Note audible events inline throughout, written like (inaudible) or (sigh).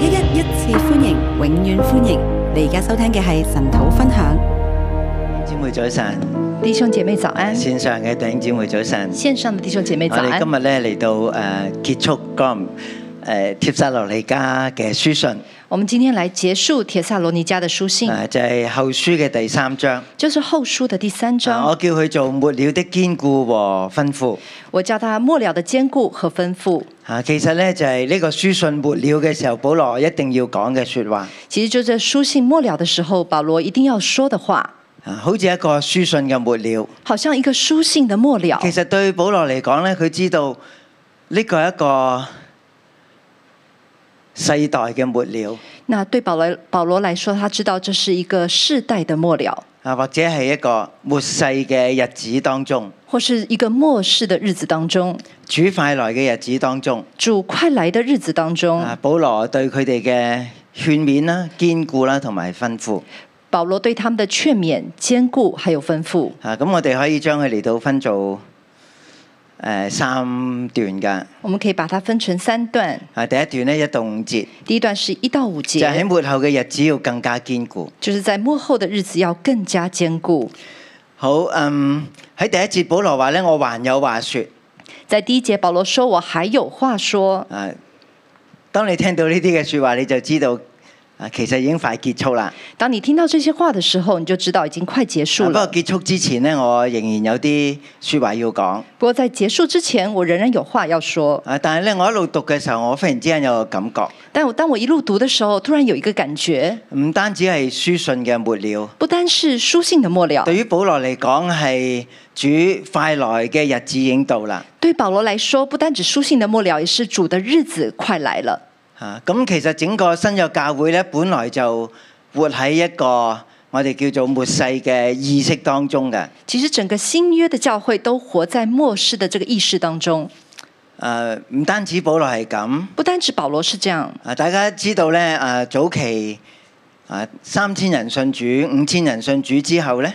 一一一次歡迎，永遠歡迎！你而家收聽嘅係神土分享。弟兄姐妹早晨，弟兄姐妹早晨。線上嘅弟兄姐妹早晨。線上嘅弟兄姐妹早晨。我哋今日咧嚟到誒結束噉誒帖撒羅尼迦嘅書信。我們今天來結束帖撒羅尼迦的書信，就係後書嘅第三章，就是後書的第三章。我叫佢做末了的堅固和吩咐，我叫他末了的堅固和吩咐。啊，其實呢，就係呢個書信末了嘅時候，保羅一定要講嘅說話。其實就係書信末了的時候，保羅一定要說的話，啊，好似一個書信嘅末了，好像一個書信的末了。其實對保羅嚟講呢，佢知道呢個係一個。世代嘅末了，那對保羅來保羅來說，他知道這是一個世代的末了啊，或者係一個末世嘅日子當中，或是一個末世的日子當中，主快來嘅日子當中，主快來的日子當中，啊、保羅對佢哋嘅勸勉啦、堅固啦同埋吩咐，保羅對他們的勸勉、堅固還有吩咐啊，咁我哋可以將佢嚟到分做。誒、呃，三段㗎，我們可以把它分成三段。啊，第一段呢，一到五節，第一段是一到五節。就喺、是、末後嘅日子要更加堅固，就是在末後嘅日子要更加堅固。好，嗯，喺第一節保羅話呢，我還有話說。在第一節保羅說我還有話說。啊，當你聽到呢啲嘅說話，你就知道。其實已經快結束啦。當你聽到這些話的時候，你就知道已經快結束了。啊，不過結束之前呢，我仍然有啲說話要講。不過在結束之前，我仍然有話要說。啊，但係呢，我一路讀嘅時候，我忽然之間有個感覺。但我當我一路讀的時候，突然有一個感覺。唔單止係書信嘅末了，不單是書信的末了。對於保羅嚟講，係主快來嘅日子已經到啦。對保羅來說，不單止書信的末了，也是主的日子快來了。啊，咁其實整個新約教會咧，本來就活喺一個我哋叫做末世嘅意識當中嘅。其實整個新約嘅教，教會都活在末世嘅這個意識當中。誒、啊，唔單止保羅係咁，不單止保羅是這樣。啊，大家知道咧，誒、啊，早期誒、啊、三千人信主，五千人信主之後咧。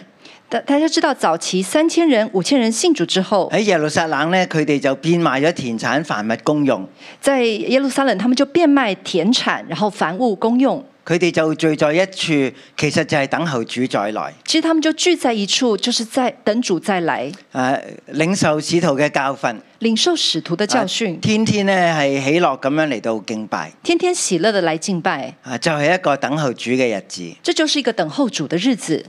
大家知道，早期三千人、五千人信主之後，喺耶路撒冷呢，佢哋就變賣咗田產、凡物公用。在耶路撒冷，他們就變賣田產，然後凡物公用。佢哋就聚在一處，其實就係等候主再來。其實他們就聚在一處，就是在等主再來。誒，領受使徒嘅教訓，領受使徒的教訓，啊，天天呢，係喜樂咁樣嚟到敬拜，天天喜樂的來敬拜。啊，就係、是、一個等候主嘅日子。這就是一個等候主的日子。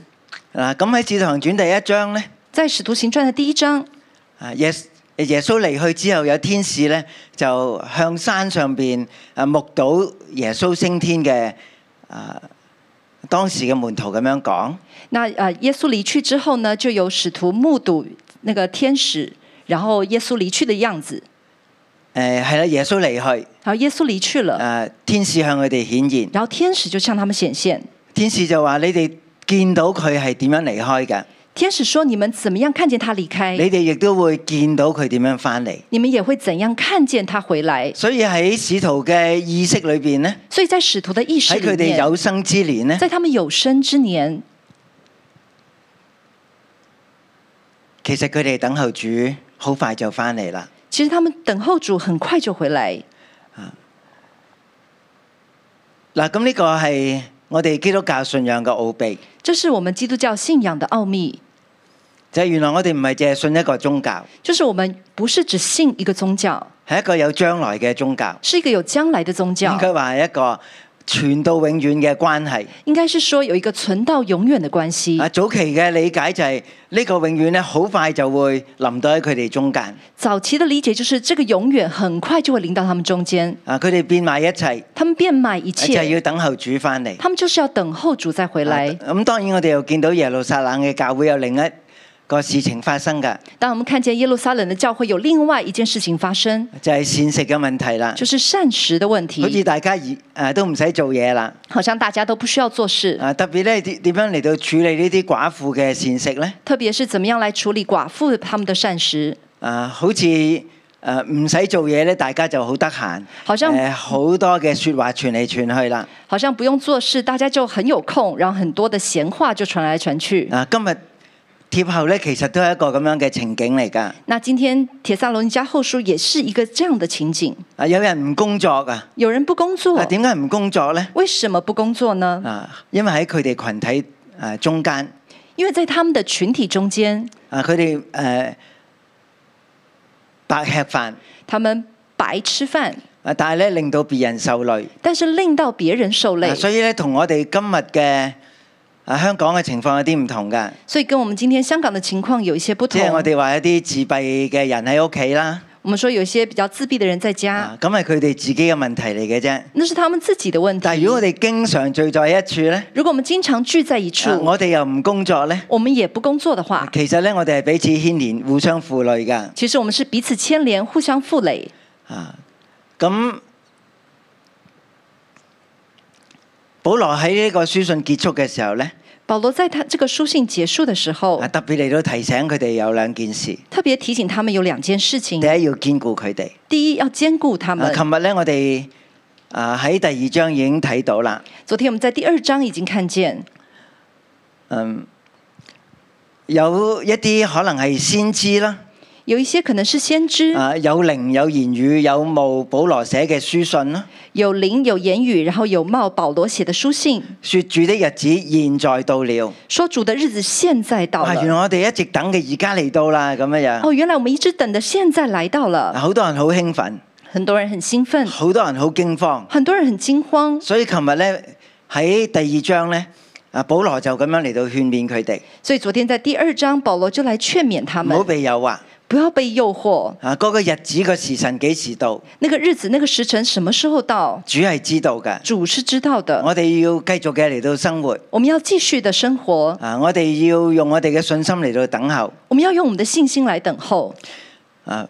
嗱，咁喺《使徒行傳》第一章咧，在《使徒行傳》嘅第一章，啊，耶耶穌離去之後，有天使咧就向山上邊啊目睹耶穌升天嘅啊當時嘅門徒咁樣講。那啊耶穌離去之後呢，就有使徒目睹那個天使，然後耶穌離去的樣子。誒係啦，耶穌離去。然後耶穌離去了。誒、啊，天使向佢哋顯現。然後天使就向他們顯現。天使就話：你哋。見到佢係點樣離開嘅？天使說，你們怎麼樣看見他離開？你哋亦都會見到佢點樣翻嚟？你們也會怎樣看見他回來？所以喺使徒嘅意識裏邊呢？所以在使徒的意識裏邊呢？喺佢哋有生之年呢？在他們有生之年，其實佢哋等候主好快就翻嚟啦。其實他們等候主很快就回來。嗱、啊，咁呢個係。我哋基督教信仰嘅奧秘，這是我們基督教信仰的奧秘。就係、是、原來我哋唔係淨係信一個宗教，就是我們不是只信一個宗教，係一個有將來嘅宗教，是一個有將來的宗教。應該話係一個。傳到永遠嘅關係，應該是說有一個存到永遠嘅關係。啊，早期嘅理解就係呢個永遠咧，好快就會臨到喺佢哋中間。早期嘅理解就是這個永遠很快就會臨到他們中間。啊，佢哋變賣一切，他們變賣一切，就係要等候主翻嚟。他們就是要等候主再回來。咁當然我哋又見到耶路撒冷嘅教會有另一個事情發生噶。當我們看見耶路撒冷的教會有另外一件事情發生，就係、是、膳食嘅問題啦。就是膳食的問題，好似大家而誒都唔使做嘢啦，好像大家都不需要做事。啊，特別咧點點樣嚟到處理呢啲寡婦嘅膳食咧？特別是怎麼樣來處理寡婦他們的膳食？啊，好似誒唔使做嘢咧，大家就好得閒。好像好多嘅說話傳嚟傳去啦，好像不用做事，大家就很有空，然後很多的閒話就傳來傳去。啊，今日。帖後咧，其實都係一個咁樣嘅情景嚟噶。嗱，今天鐵撒羅尼加後書也是一個這樣的情景。啊，有人唔工作㗎？有人不工作。啊，點解唔工作咧？為什麼不工作呢？啊，因為喺佢哋群體誒中間，因為在他們的群體中間，啊，佢哋誒白吃飯，他們白吃飯。啊，但係咧令到別人受累，但是令到別人受累。所以咧，同我哋今日嘅。啊、香港嘅情況有啲唔同噶所以跟我們今天香港的情況有一些不同。即係我哋話一啲自閉嘅人喺屋企啦。我們說有些比較自閉的人在家。咁係佢哋自己嘅問題嚟嘅啫。那是他們自己的問題。但如果我哋經常聚在一處呢？如果我們經常聚在一處，啊啊、我哋又唔工作呢？我們也不工作的話。其實呢，我哋係彼此牽連、互相負累噶。其實我們是彼此牽連、互相負累。啊，咁保羅喺呢個書信結束嘅時候呢。保羅在他這個書信結束的時候，特別嚟到提醒佢哋有兩件事。特別提醒他們有兩件事情。第一要堅固佢哋，第一要堅固他們。琴日呢，我哋啊喺第二章已經睇到啦。昨天我們在第二章已經看見，嗯，有一啲可能係先知啦。有一些可能是先知，啊，有靈有言語有冒保羅寫嘅書信咯，有靈有言語，然後有冒保羅寫的書信，說主的日子現在到了，說主的日子現在到了，原來我哋一直等嘅而家嚟到啦，咁樣樣，哦原來我們一直等的現在來到了，好多人好興奮，很多人很興奮，好多人好驚慌，很多人很驚慌，所以琴日呢，喺第二章呢，保羅就咁樣嚟到勸勉佢哋，所以昨天在第二章保羅就來勸勉他們，唔好被誘惑。不要被誘惑。啊，嗰個日子個時辰幾時到？那個日子、那個時辰什麼時候到？主係知道嘅。主是知道的。我哋要繼續嘅嚟到生活。我們要繼續的生活。啊，我哋要用我哋嘅信心嚟到等候。我們要用我們的信心來等候。啊。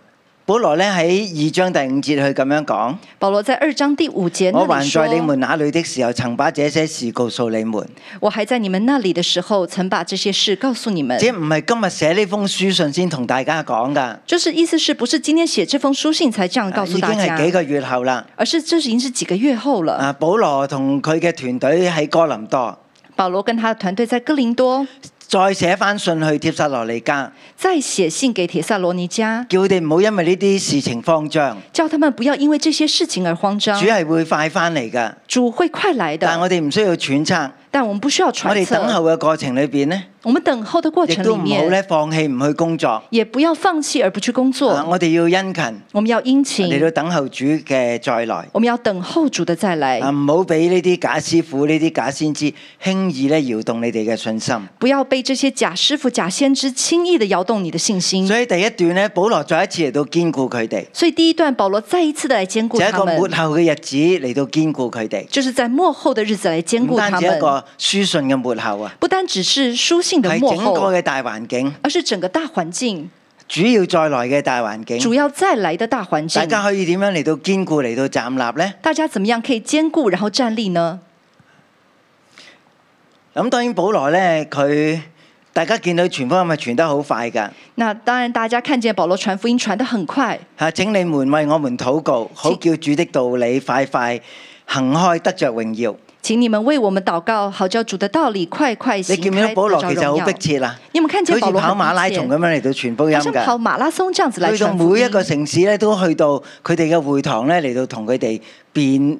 保羅呢喺二章第五節去咁樣講，保羅在二章第五節，我還在你們那裏的時候，曾把這些事告訴你們。我還在你們那裏的時候，曾把這些事告訴你們。即唔係今日寫呢封書信先同大家講㗎，就是意思是不是今天寫這封書信才這樣告訴大家？已經係幾個月後啦，而是這已經是幾個月後了。啊，保羅同佢嘅團隊喺哥林多，保羅跟佢嘅團隊在哥林多。再寫返信去帖撒羅尼加，再寫信給帖撒羅尼加，叫佢哋唔好因為呢啲事情慌張，叫他們不要因為這些事情而慌張。主係會快翻嚟噶，主會快來的，但我哋唔需要揣測。但我們不需要揣測。我哋等候嘅過程裏邊呢？我們等候的過程，的過程都唔好咧放棄唔去工作。也不要放棄而不去工作。啊、我哋要殷勤，我們要殷勤。嚟到等候主嘅再來。我們要等候主的再來。唔好俾呢啲假師傅、呢啲假先知輕易咧搖動你哋嘅信心。不要被這些假師傅、假先知輕易地搖動你的信心。所以第一段呢，保羅再一次嚟到堅固佢哋。所以第一段保羅再一次的來堅固他們。一個末後嘅日子嚟到堅固佢哋，就是在末後的日子來堅固他們。唔單止一個。書信嘅末後啊，不單只是書信嘅末後，係整個嘅大環境，而是整個大環境主要再來嘅大環境，主要再來嘅大環境，大家可以點樣嚟到堅固嚟到站立呢？大家怎麼樣可以堅固然後站立呢？咁當然保羅呢，佢大家見到傳福音係咪傳得好快噶。那當然大家看見保羅傳福音傳得很快，吓，請你們為我們禱告，好叫主的道理快快行開，得着榮耀。請你們為我們禱告，好叫主的道理快快行來。你見唔見保羅其實好逼切你有啊？佢似跑馬拉松咁樣嚟到傳福音，好似跑馬拉松這樣子嚟到每一個城市咧，都去到佢哋嘅會堂咧，嚟到同佢哋辯，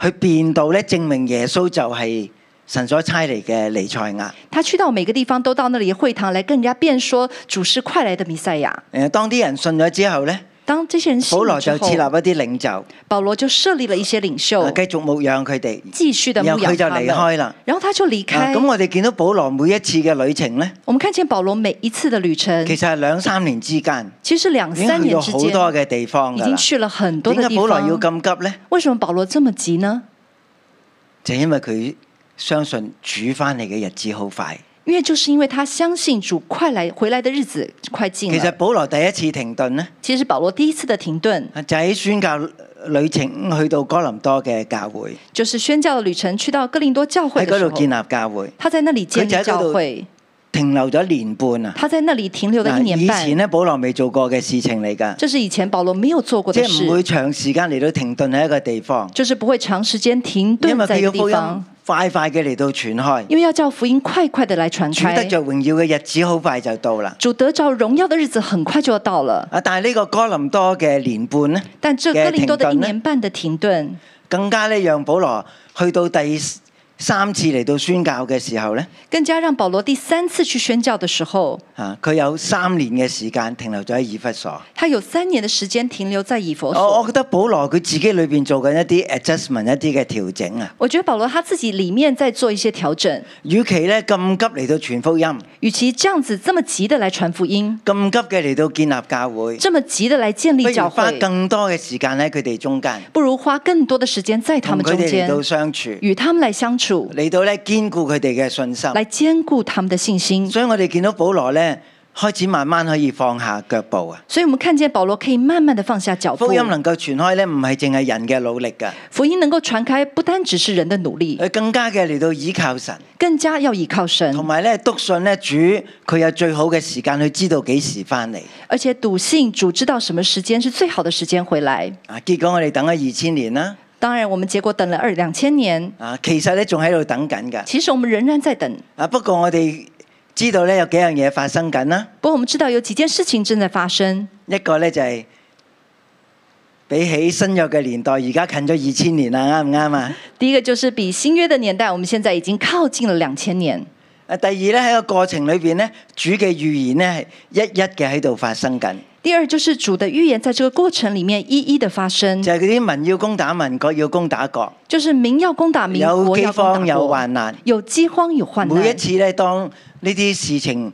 去辯道咧，證明耶穌就係神所差嚟嘅彌賽亞。他去到每個地方都到那裡會堂嚟跟人家辯說主是快來的彌賽亞。誒，當啲人信咗之後咧。當這些人信之後，保羅就設立一啲領袖，保羅就設立了一些領袖，啊、繼續牧養佢哋，然後佢就離開啦。然後他就離開。咁我哋見到保羅每一次嘅旅程呢，我們看見保羅每一次的旅程，啊、其實係兩三年之間，其實兩三年好多嘅地方，已經去了很多地方。點解保羅要咁急呢？為什麼保羅這麼急呢？就因為佢相信主翻嚟嘅日子好快。因為就是因為他相信主快來回來的日子快近。其實是保羅第一次停頓呢？其實保羅第一次的停頓就喺宣教旅程去到哥林多嘅教會。就是宣教旅程去到哥林多教會喺嗰度建立教會。他在那裏建立教會，停留咗一年半啊！他在那裏停留咗一年半。以前呢，保羅未做過嘅事情嚟㗎，這是以前保羅沒有做過嘅事情，唔會長時間嚟到停頓喺一個地方，就是不會長時間停頓喺一個地方。快快嘅嚟到傳開，因為要叫福音快快嘅來傳開。主得着榮耀嘅日子好快就到啦。主得着榮耀嘅日子很快就要到了。啊，但係呢個哥林多嘅年半呢，但這哥林多的一年半的停頓呢，更加呢讓保羅去到第。三次嚟到宣教嘅時候呢，更加讓保羅第三次去宣教嘅時候，啊，佢有三年嘅時間停留咗喺以弗所。他有三年嘅時間停留在以弗所。我覺得保羅佢自己裏邊做緊一啲 adjustment，一啲嘅調整啊。我覺得保羅他自己裏面在做一些調整。與其呢，咁急嚟到傳福音，與其這樣子這麼急的來傳福音，咁急嘅嚟到建立教會，這麼急的來建立教會，不如花更多嘅時間喺佢哋中間，不如花更多嘅時間在他們中間，同佢哋嚟到相處，與他們嚟相處。嚟到咧，兼顧佢哋嘅信心，來兼顧他們的信心。所以我哋見到保羅咧，開始慢慢可以放下腳步啊。所以我們看見保羅可以慢慢的放下腳步。福音能夠傳開咧，唔係淨係人嘅努力㗎。福音能夠傳開，不單只是人的努力，佢更加嘅嚟到依靠神，更加要依靠神。同埋咧，篤信咧主，佢有最好嘅時間去知道幾時返嚟，而且篤信主知道什麼時間是最好的時間回來。啊，結果我哋等咗二千年啦。當然，我們結果等了二兩千年。啊，其實咧仲喺度等緊噶。其實我們仍然在等。啊，不過我哋知道咧有幾樣嘢發生緊啦。不過我們知道有幾件事情正在發生。一個咧就係、是、比起新約嘅年代，而家近咗二千年啦，啱唔啱啊？第一個就是比新約嘅年代，我們現在已經靠近了兩千年。啊，第二咧喺個過程裏邊咧，主嘅預言咧係一一嘅喺度發生緊。第二就是主的預言，在這個過程裏面一一的發生。就係嗰啲民要攻打民國，要攻打國。就是民要攻打民國，有飢荒，有患難。有飢荒，有患難。每一次咧，當呢啲事情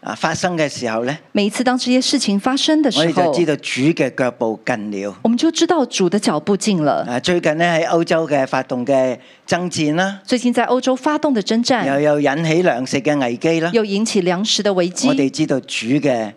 啊發生嘅時候咧，每一次當這些事情發生嘅時候，我就知道主嘅腳步近了。我們就知道主的腳步近了。啊，最近呢，喺歐洲嘅發動嘅征戰啦，最近在歐洲發動嘅征戰，又又引起糧食嘅危機啦，又引起糧食的危機。我哋知道主嘅。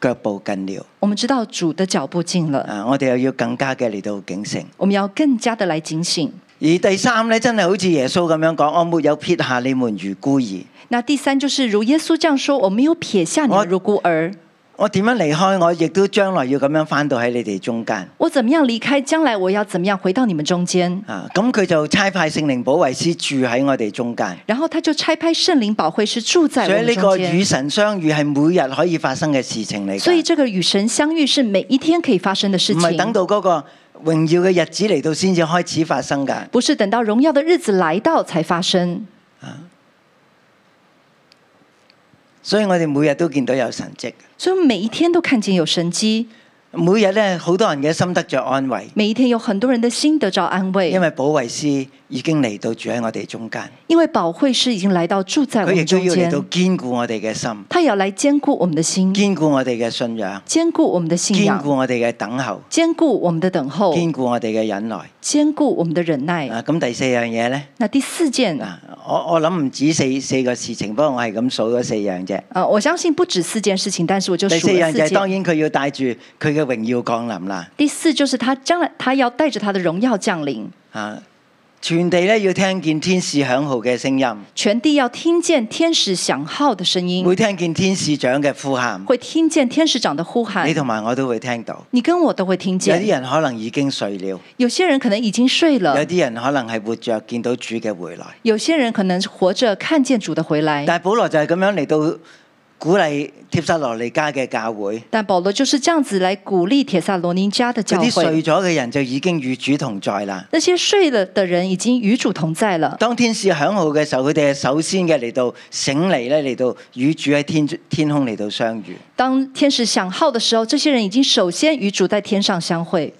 腳步近了，我們知道主的腳步近了。啊，我哋又要更加嘅嚟到警醒，我們要更加的來警醒。而第三呢，真係好似耶穌咁樣講，我沒有撇下你們如孤兒。那第三就是如耶穌這樣說，我沒有撇下你們如孤兒。我點樣離開，我亦都將來要咁樣翻到喺你哋中間。我怎麼樣離開，將來我要怎麼樣回到你們中間？啊，咁佢就差派聖靈保惠師住喺我哋中間。然後他就差派聖靈保惠師住在我們中間。所以呢個與神相遇係每日可以發生嘅事情嚟。所以這個與神相遇是每一天可以發生嘅事情。唔係等到嗰個榮耀嘅日子嚟到先至開始發生噶。不是等到榮耀嘅日子來到才發生。啊。所以我哋每日都見到有神跡，所以每一天都看見有神跡。每日呢，好多人嘅心得着安慰。每一天有很多人的心得着安慰，因為保惠師已經嚟到住喺我哋中間。因為保惠師已經來到住在我哋中間。佢亦都要嚟到堅固我哋嘅心，他要來堅固我們的心，堅固我哋嘅信仰，堅固我們的信仰，堅固我哋嘅等候，堅固我們的等候，堅固我哋嘅忍耐。兼顧我們的忍耐。啊，咁第四樣嘢呢？那第四件？啊，我我諗唔止四四個事情，不過我係咁數咗四樣啫、啊。我相信不止四件事情，但是我就數咗四件。第四樣就當然佢要帶住佢嘅榮耀降臨啦。第四就是他將來，他要帶着他的榮耀降臨。啊。全地咧，要聽見天使響號嘅聲音，全地要聽見天使響號嘅聲音，會聽見天使長嘅呼喊，會聽見天使長嘅呼喊。你同埋我都會聽到，你跟我都會聽見。有啲人可能已經睡了，有些人可能已經睡了，有啲人可能係活着見到主嘅回來，有些人可能活着看見主的回來。但係保羅就係咁樣嚟，到。鼓勵鐵撒羅尼加嘅教會，但保羅就是這樣子嚟鼓勵鐵撒羅尼加的教會。嗰啲睡咗嘅人就已經與主同在啦。那些睡了的人已經與主同在了。當天使響號嘅時候，佢哋首先嘅嚟到醒嚟咧嚟到與主喺天天空嚟到相遇。當天使響號嘅時候，這些人已經首先與主在天上相會。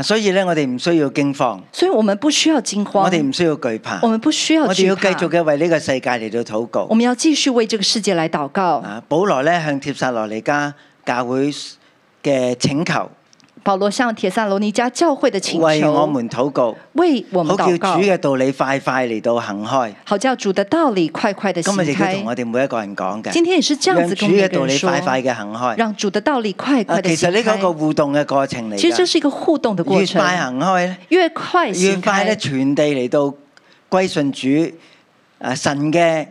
所以咧，我哋唔需要驚慌，所以我們不需要驚慌，我哋唔需要懼怕，我們不需要懼怕，我哋要繼續嘅為呢個世界嚟到禱告，我們要繼續為這個世界來禱告。保羅咧向帖撒羅尼迦教會嘅請求。保羅向帖撒羅尼迦教會的請求，為我們禱告，為我們禱告，好叫主嘅道理快快嚟到行開，好叫主的道理快快的行開。今日亦佢同我哋每一個人講嘅，今天也是這樣子同每一個人說，讓主嘅道理快快嘅行開，讓主的道理快快的行開。其實呢嗰個互動嘅過程嚟，其實就是一個互動嘅過程，越快行開咧，越快，越快咧，快快傳遞嚟到歸順主，誒、啊、神嘅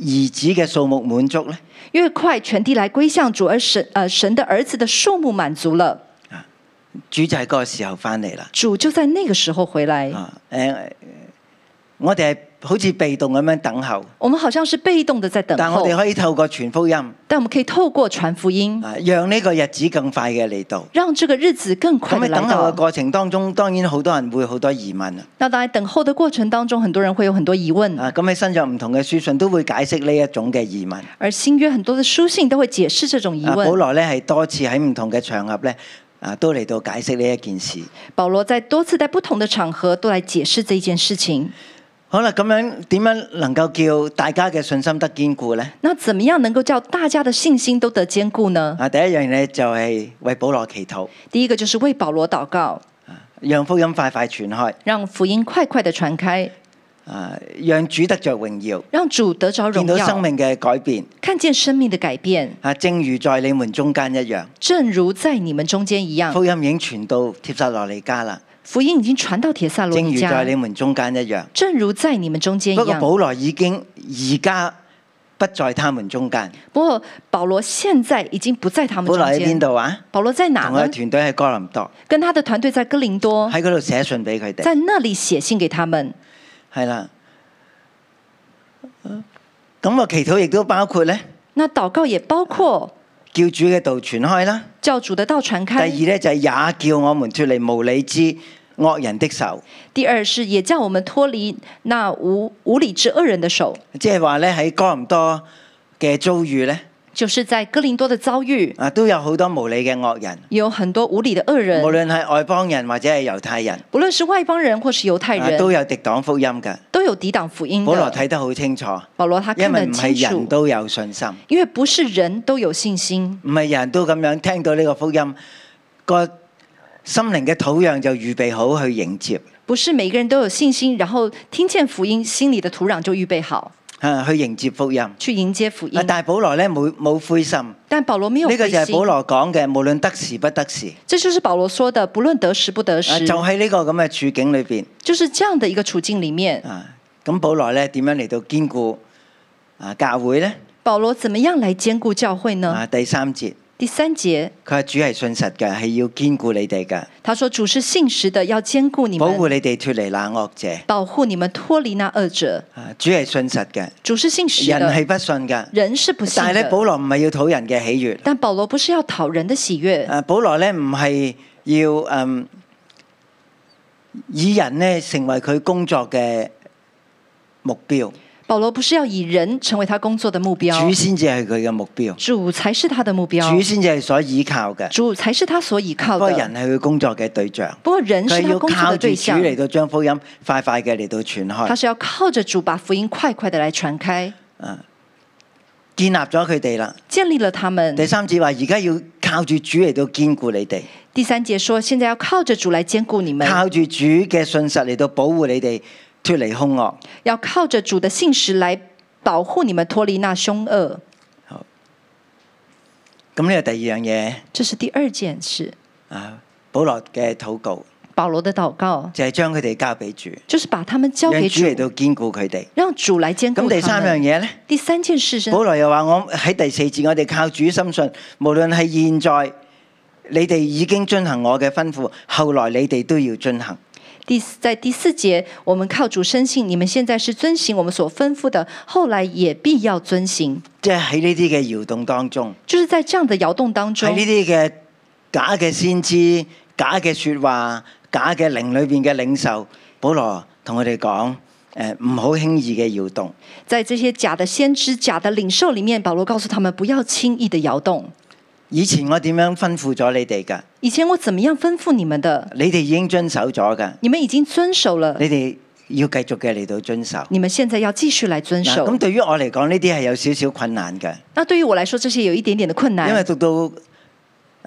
兒子嘅數目滿足咧，越快傳遞嚟歸向主，而神誒、呃、神嘅兒子嘅數目滿足了。主就係嗰個時候翻嚟啦。主就在那個時候回來。啊，我哋係好似被動咁樣等候。我們好像是被動的在等候。但我哋可以透過傳福音。但我們可以透過傳福音，讓呢個日子更快嘅嚟到。讓這個日子更快。喺等候嘅過程當中，當然好多人會好多疑問。那當然等候嘅過程當中，很多人會有很多疑問。咁喺新約唔同嘅書信都會解釋呢一種嘅疑問。而新約很多嘅書信都會解釋這種疑問。保羅咧係多次喺唔同嘅場合咧。啊，都嚟到解釋呢一件事。保羅在多次在不同的場合都來解釋這件事情。好啦，咁樣點樣能夠叫大家嘅信心得堅固呢？那怎麼樣能夠叫大家的信心都得堅固呢？啊，第一樣嘢就係為保羅祈禱。第一個就是為保羅禱告，讓福音快快傳開，讓福音快快的傳開。啊！讓主得着榮耀，讓主得着榮耀，見到生命嘅改變，看見生命的改變。啊，正如在你們中間一樣，正如在你們中間一樣。福音已經傳到鐵薩羅尼加啦，福音已經傳到鐵薩羅尼加。正如在你們中間一樣，正如在你們中間一樣。不過保羅已經而家不在他們中間。不過保羅現在已經不在他們中間。保羅喺邊度啊？保羅在哪啊？同我嘅團隊喺哥林多，跟他的團隊在哥林多，喺嗰度寫信俾佢哋，在那裏寫信給他們。係啦，咁啊祈禱亦都包括咧。那禱告也包括。叫主嘅道傳開啦。叫主的道傳開。第二咧就係也叫我們脫離無理之惡人的手。第二是也叫我們脫離那無無理之惡人，人的手。即係話咧喺哥林多嘅遭遇咧。就是在哥林多的遭遇啊，都有好多無理嘅惡人，有很多無理的惡人，無論係外邦人或者係猶太人，不論是外邦人或是猶太人，都有抵擋福音嘅，都有抵擋福音。保羅睇得好清楚，保羅他因為唔係人都有信心，因為不是人都有信心，唔係人都咁樣聽到呢個福音，個心靈嘅土壤就預備好去迎接。不是每個人都有信心，然後聽見福音，心裏的土壤就預備好。啊！去迎接福音，去迎接福音。啊、但係保羅咧冇冇灰心。但保羅呢、沒有。呢個就係保羅講嘅，無論得時不得時。這就是保羅說的，不論得時不得時。就喺呢個咁嘅處境裏邊。就是這樣的一個處境裏面。啊，咁保羅咧點樣嚟到兼顧啊教會咧？保羅怎麼樣嚟兼顧教會呢？啊，第三節。第三節，佢話主係信實嘅，係要堅固你哋嘅。他說主是信實的，要堅固你們，保護你哋脫離那惡者，保護你們脫離那惡者。主係信實嘅，主是信實，人係不信嘅，人是不信，是不信。但係咧，保羅唔係要討人嘅喜悅，但保羅不是要討人的喜悅。啊，保羅咧唔係要嗯以人呢成為佢工作嘅目標。保羅不是要以人成為他工作的目標，主先至係佢嘅目標，主才是他的目標，主先至係所依靠嘅，主才是他所依靠的。不過人係佢工作嘅對象，不過人係佢工作嘅對象。佢要靠主嚟到將福音快快嘅嚟到傳開，他是要靠着主把福音快快的來傳開，啊，建立咗佢哋啦，建立了他們。第三節話而家要靠住主嚟到堅固你哋，第三節說現在要靠着主來堅固你們，靠住主嘅信實嚟到保護你哋。脫離兇惡，要靠着主的信實來保護你們脫離那兇惡。好，咁呢個第二樣嘢，這是第二件事。啊，保羅嘅禱告，保羅的禱告就係將佢哋交俾主，就是把他們交給主，讓主嚟到堅固佢哋，讓主來堅固。咁第三樣嘢咧，第三件事，保羅又話我喺第四節，我哋靠主深信，無論係現在，你哋已經遵行我嘅吩咐，後來你哋都要遵行。第在第四節，我們靠主深信，你們現在是遵行我們所吩咐的，後來也必要遵行。即係喺呢啲嘅搖動當中，就是在這樣的搖動當中，喺呢啲嘅假嘅先知、假嘅說話、假嘅靈裏邊嘅領袖，保羅同我哋講，誒、呃，唔好輕易嘅搖動。在這些假的先知、假的領袖裏面，保羅告訴他們不要輕易的搖動。以前我點樣吩咐咗你哋噶？以前我怎麼樣吩咐你們的？你哋已經遵守咗噶。你們已經遵守了。你哋要繼續嘅嚟到遵守。你們現在要繼續來遵守。咁對於我嚟講呢啲係有少少困難嘅。那對於我嚟說，說，這些有一點點的困難。因為讀到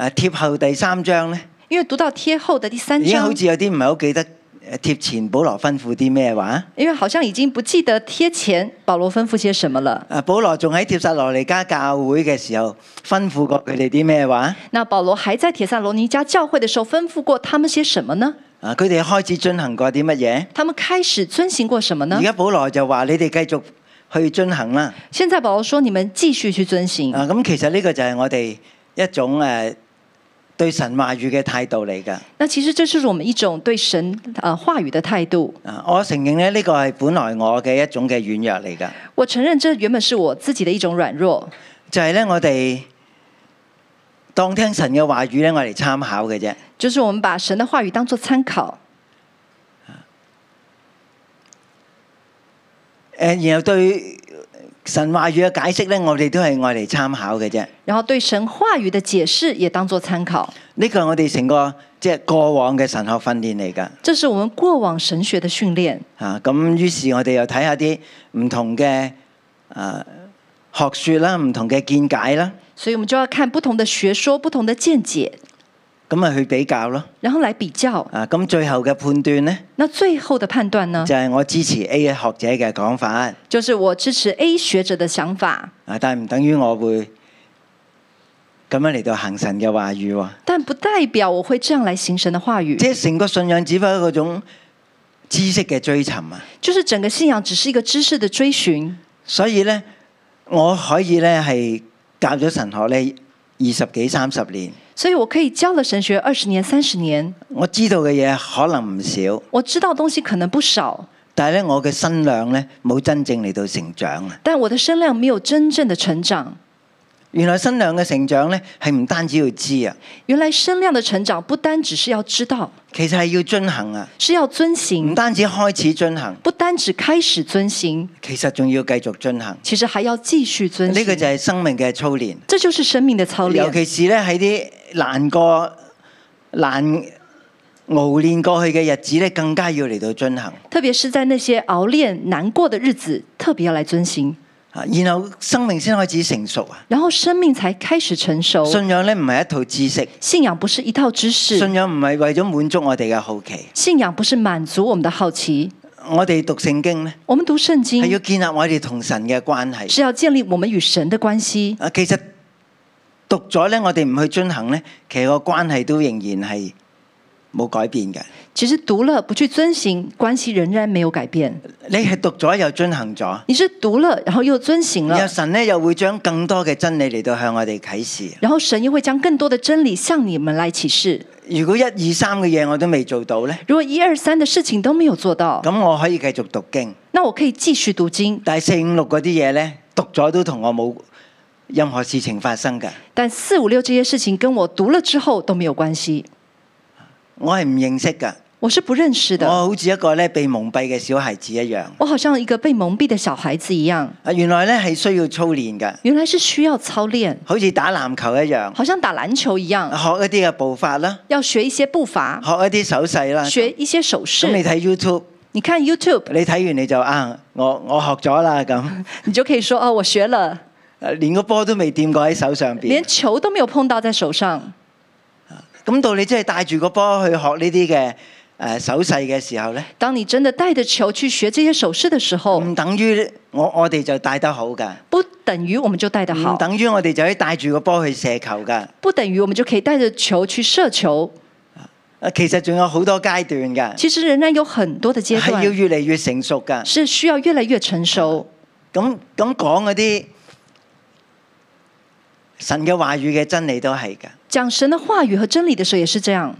誒、帖、啊、後第三章咧。因為讀到帖後的第三章，已經好似有啲唔係好記得。帖前保羅吩咐啲咩話？因為好像已經不記得帖前保羅吩咐些什麼了。保羅仲喺帖撒羅尼加教會嘅時候吩咐過佢哋啲咩話？那保羅還在帖撒羅尼加教會的時候吩咐過他們些什麼呢？啊，佢哋開始遵行過啲乜嘢？他們開始遵行過什麼呢？而家保羅就話：你哋繼續去遵行啦。現在保羅說：你們繼續去遵行。啊，咁、嗯、其實呢個就係我哋一種誒。呃對神話語嘅態度嚟噶，那其實這是我們一種對神誒話語的態度。我承認咧，呢個係本來我嘅一種嘅軟弱嚟噶。我承認，這原本是我自己嘅一種軟弱。就係咧，我哋當聽神嘅話語咧，我嚟參考嘅啫。就是我們把神嘅話語當做參考。誒，然後對，神話語嘅解釋咧，我哋都係愛嚟參考嘅啫。然後對神話語嘅解釋也當做參考。呢個係我哋成個即係過往嘅神學訓練嚟噶。這是我們過往神學嘅訓練。啊，咁於是我哋又睇下啲唔同嘅啊學說啦，唔同嘅見解啦。所以我們就要看不同嘅學說，不同嘅見解。咁咪去比較咯，然後來比較。啊，咁最後嘅判斷呢？那最後嘅判斷呢？就係、是、我支持 A 學者嘅講法，就是我支持 A 學者嘅想法。啊，但係唔等於我會咁樣嚟到行神嘅話語。但不代表我會這樣來行神嘅話語。即係成個信仰只不過嗰種知識嘅追尋啊。就是整個信仰只是一個知識嘅追尋。所以呢，我可以呢係教咗神學呢二十幾三十年。所以我可以教了神學二十年、三十年，我知道嘅嘢可能唔少。我知道的東西可能不少，但係咧我嘅身量咧冇真正嚟到成長，但我的身量沒有真正的成長。原來身量嘅成長呢，係唔單止要知啊。原來身量嘅成長不單只是要知道，其實係要遵行啊，是要遵行。唔單止開始遵行，不單止開始遵行，其實仲要繼續遵行，其實還要繼續遵行。呢、這個就係生命嘅操練，這就是生命嘅操練。尤其是呢，喺啲難過、難熬練過去嘅日子呢，更加要嚟到遵行。特別是在那些熬練難過嘅日子，特別要嚟遵行。然後生命先開始成熟啊！然後生命才開始成熟。信仰咧，唔係一套知識。信仰不是一套知識。信仰唔係為咗滿足我哋嘅好奇。信仰不是為滿足我們的好奇。我哋讀聖經咧？我們讀聖經係要建立我哋同神嘅關係。是要建立我們與神的關係。啊，其實讀咗咧，我哋唔去遵行咧，其實個關係都仍然係。冇改變嘅，其實讀了不去遵行，關係仍然沒有改變。你係讀咗又遵行咗，你是讀了然後又遵行了。你有神呢又會將更多嘅真理嚟到向我哋啟示，然後神又會將更多的真理向你們來啟示。如果一二三嘅嘢我都未做到呢？如果一二三的事情都沒有做到，咁我可以繼續讀經，那我可以繼續讀經。但係四五六嗰啲嘢呢，讀咗都同我冇任何事情發生嘅。但四五六這些事情跟我讀了之後都沒有關係。我係唔認識噶，我是不認識的。我好似一個咧被蒙蔽嘅小孩子一樣，我好像一個被蒙蔽的小孩子一樣。原來咧係需要操練嘅，原來是需要操練，好似打籃球一樣，好像打籃球一樣。學一啲嘅步伐啦，要學一些步伐，學一啲手勢啦，學一些手勢。咁你睇 YouTube，你看 YouTube，你睇完你就啊，我我學咗啦咁， (laughs) 你就可以說哦，我學了，連個波都未掂過喺手上邊，連球都沒有碰到在手上。咁到你真係帶住個波去學呢啲嘅誒手勢嘅時候咧？當你真的帶着球去學這些手勢嘅時候，唔等於我我哋就帶得好噶？不等於我們就帶得好？唔等於我哋就可以帶住個波去射球噶？不等於我們就可以帶着球去射球？啊，其實仲有好多階段噶其實仍然有很多的階段係要越嚟越成熟噶，是需要越嚟越成熟。咁咁講嗰啲神嘅話語嘅真理都係噶講神的話語和真理的時候，也是這樣。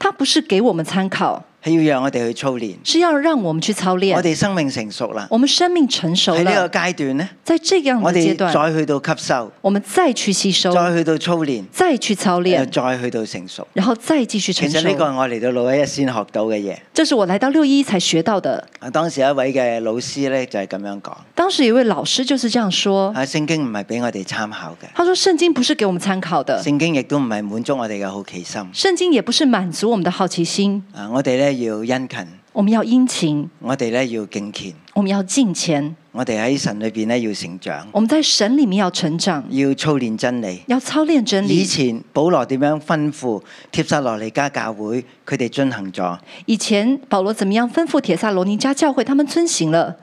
他不是給我們參考。係要讓我哋去操練，是要讓我們去操練。我哋生命成熟啦，我們生命成熟喺呢個階段呢，在這樣階段再去到吸收，我們再去吸收，再去到操練，再去操練，再去到成熟，然後再繼續成熟。其實呢個係我嚟到六一先學到嘅嘢，這是我嚟到六一才學到嘅。啊，當時一位嘅老師咧就係咁樣講，當時一位老師就是這樣說：啊，聖經唔係俾我哋參考嘅，他說聖經不是給我們參考的。聖經亦都唔係滿足我哋嘅好奇心，聖經也不是滿足我們嘅好奇心。啊，我哋咧。要殷勤，我們要殷勤；我哋咧要敬虔，我們要敬虔；我哋喺神裏邊咧要成長，我們在神裏面要成長，要操練真理，要操練真理。以前保羅點樣吩咐帖撒羅尼加教會，佢哋遵行咗。以前保羅怎麼樣吩咐帖撒羅尼加教會，他們遵行了。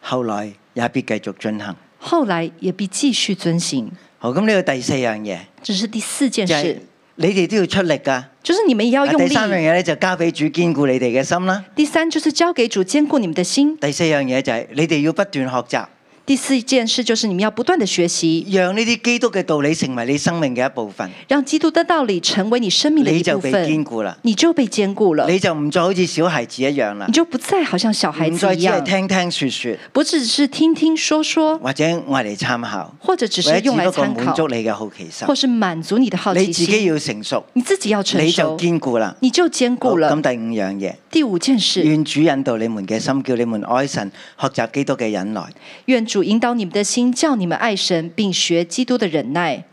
後來也必繼續進行，後來也必繼續遵行。好，咁呢個第四樣嘢，這是第四件事。就是你哋都要出力㗎，就是你們也要用力。第三樣嘢咧，就交俾主兼顧你哋嘅心啦。第三就是交給主兼顧你們的心。第四樣嘢就係你哋要不斷學習。第四件事就是你們要不斷的學習，讓呢啲基督嘅道理成為你生命嘅一部分。讓基督嘅道理成為你生命嘅你就被堅固啦，你就被堅固啦，你就唔再好似小孩子一樣啦，你就不再好像小孩子一樣，聽聽說說，不只是聽聽說說，或者我嚟參考，或者只是用來參考，滿足你嘅好奇心，或是滿足你的好奇心，你自己要成熟，你自己要成熟，你就堅固啦，你就堅固啦。咁、哦、第五樣嘢，第五件事，願主引導你們嘅心，叫你們愛神，學習基督嘅忍耐，願主。引導你們的心，叫你們愛神，並學基督的忍耐。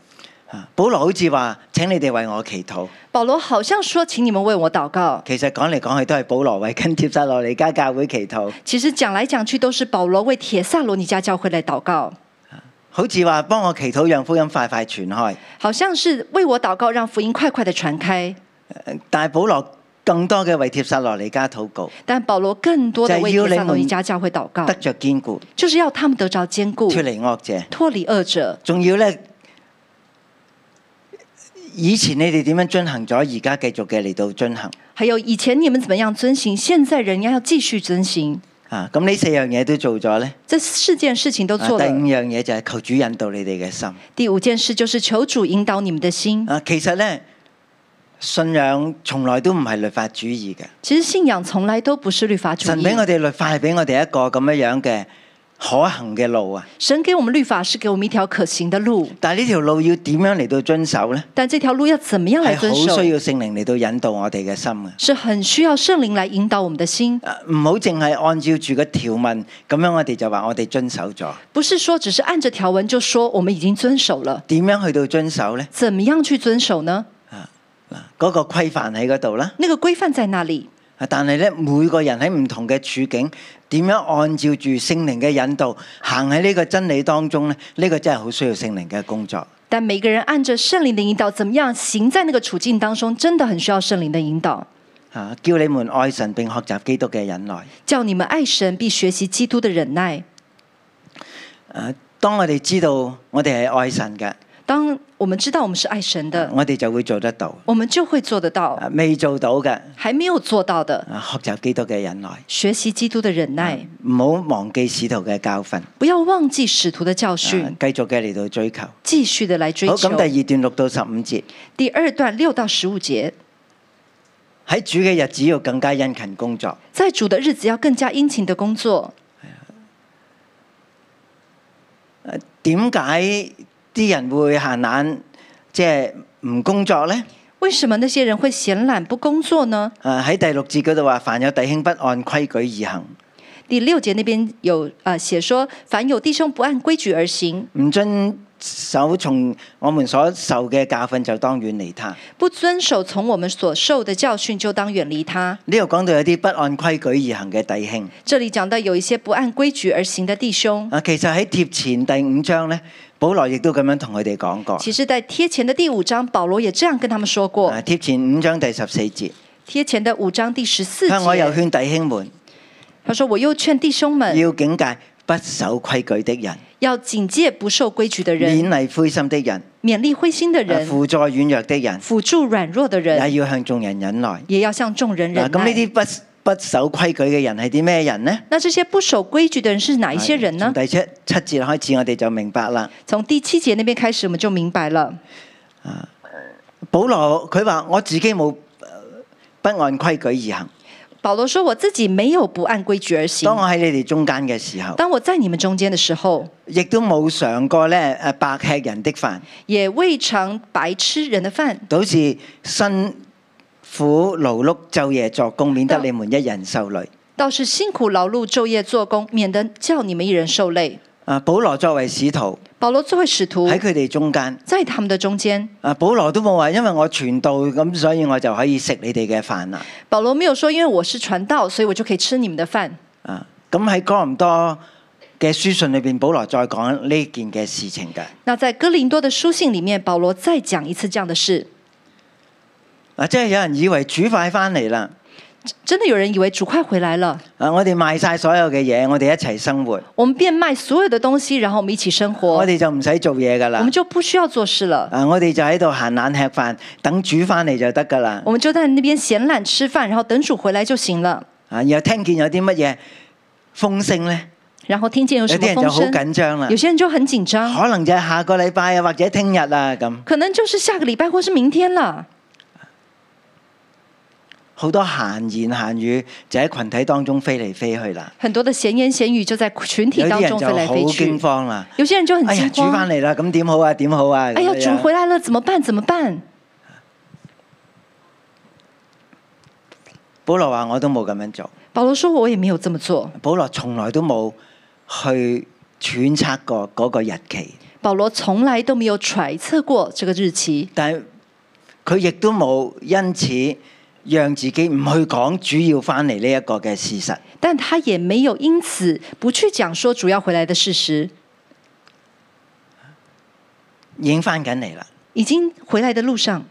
保羅好似話，請你哋為我祈禱。保羅好像說，請你們為我禱告。其實講嚟講去，都係保羅為跟帖撒羅尼加教會祈禱。其實講來講去，都是保羅為鐵撒羅尼加教會來禱告。好似話，幫我祈禱，讓福音快快傳開。好像是為我禱告，讓福音快快的傳開。但係保羅。更多嘅為帖撒羅尼加禱告，但保羅更多嘅為帖撒羅尼加教會禱告，就是、得着堅固，就是要他們得着堅固，脱離惡者，脫離惡者。仲要咧，以前你哋點樣進行咗，而家繼續嘅嚟到進行。還有以前你們怎麼樣遵行，現在人家要繼續遵行。啊，咁呢四樣嘢都做咗咧，這四件事情都做了。啊、第五樣嘢就係求主引導你哋嘅心。第五件事就是求主引導你們嘅心。啊，其實咧。信仰從來都唔係律法主義嘅。其實信仰從來都不是律法主義。神俾我哋律法係俾我哋一個咁樣樣嘅可行嘅路啊。神給我們律法是給我們一條可行嘅路。但呢條路要點樣嚟到遵守呢？但這條路要怎麼樣嚟遵守？好需要聖靈嚟到引導我哋嘅心啊，是很需要聖靈嚟引導我們嘅心。唔好淨係按照住個條文咁樣，我哋就話我哋遵守咗。不是說只是按着條文就說我們已經遵守了。點樣去到遵守呢？怎麼樣去遵守呢？嗰個規範喺嗰度啦。呢個規範在哪裡？但係咧，每個人喺唔同嘅處境，點樣按照住聖靈嘅引導，行喺呢個真理當中咧？呢個真係好需要聖靈嘅工作。但每個人按照聖靈嘅引導，怎麼樣行在那個處境當中，真的很需要聖靈嘅引導。叫你們愛神，並學習基督嘅忍耐。叫你們愛神，並學習基督的忍耐。啊！當我哋知道我哋係愛神嘅。當我們知道我們是愛神的，我哋就會做得到。我們就會做得到。未、啊、做到嘅，還沒有做到的。學習基督嘅忍耐，學習基督的忍耐，唔好忘記使徒嘅教訓，不要忘記使徒的教訓，啊、繼續嘅嚟到追求，繼續的來追求。好，咁第二段六到十五節，第二段六到十五節，喺主嘅日子要更加殷勤工作，在主的日子要更加殷勤的工作。係點解？啊啲人會閒懶，即係唔工作呢？為什麼那些人會閒懶不工作呢？誒、啊，喺第六節嗰度話，凡有弟兄不按規矩而行。第六節呢邊有誒、呃、寫說，凡有弟兄不按規矩而行，唔遵守從我們所受嘅教訓，就當遠離他。不遵守從我們所受嘅教訓，就當遠離他。呢度講到有啲不按規矩而行嘅弟兄。這裏講到有一些不按規矩而行的弟兄。啊，其實喺帖前第五章呢。保羅亦都咁樣同佢哋講過。其實，在帖前的第五章，保羅也這樣跟他們說過。帖前五章第十四節，帖前的五章第十四節。他我又勸弟兄們，他說我又勸弟兄們要警戒不守規矩的人，要警戒不守規矩的人，勉勵灰心的人，勉勵灰心的人，輔助軟弱的人，輔助軟弱的人，也要向眾人忍耐，也要向眾人忍咁呢啲不。不守規矩嘅人係啲咩人呢？那這些不守規矩的人是哪一些人呢？從第七七節開始，我哋就明白啦。從第七節那邊開始，我們就明白了。啊，保羅佢話我自己冇、呃、不按規矩而行。保羅說我自己沒有不按規矩而行。當我喺你哋中間嘅時候，當我在你們中間的時候，亦都冇嘗過咧、誒、呃、白吃人的飯，也未嘗白吃人的飯。導致。新。苦勞碌晝夜做工，免得你們一人受累。倒是辛苦勞碌晝夜做工，免得叫你們一人受累。啊，保羅作為使徒，保羅作為使徒喺佢哋中間，在他們的中間。啊，保羅都冇話，因為我傳道咁，所以我就可以食你哋嘅飯啦。保羅沒有說，因為我是傳道，所以我就可以吃你們的飯。啊，咁喺哥林多嘅書信裏邊，保羅再講呢件嘅事情嘅。那在哥林多嘅書信裡面，保羅再講一次這樣的事。啊！即係有人以為煮快翻嚟啦，真係有人以為煮快回來了。啊！我哋賣晒所有嘅嘢，我哋一齊生活。我們變賣所有嘅東西，然後我們一起生活。我哋就唔使做嘢噶啦，我們就不需要做事了。啊！我哋就喺度閒懶吃飯，等煮翻嚟就得噶啦。我哋就喺那邊閒懶吃飯，然後等煮回來就行了。啊！然後聽見有啲乜嘢風聲咧，然後聽見有啲人就好緊張啦，有些人就很緊張，可能就係下個禮拜啊，或者聽日啊咁。可能就是下個禮拜，或是明天啦，啊。好多閒言閒語就喺群體當中飛嚟飛去啦。很多的閒言閒語就在群體當中飛嚟飛去。有啲人就好驚慌啦。有些人就很驚慌。哎呀，主翻嚟啦，咁點好啊？點好啊？哎呀，主回來了，怎麼辦？怎麼辦？保羅話：我都冇咁樣做。保羅說我也沒有這麼做。保羅從來都冇去揣測過嗰個日期。保羅從來都沒有揣測過這個日期。但係佢亦都冇因此。讓自己唔去講主要翻嚟呢一個嘅事實，但他也沒有因此不去講說主要回來的事實。已經翻緊嚟啦，已經回來的路上，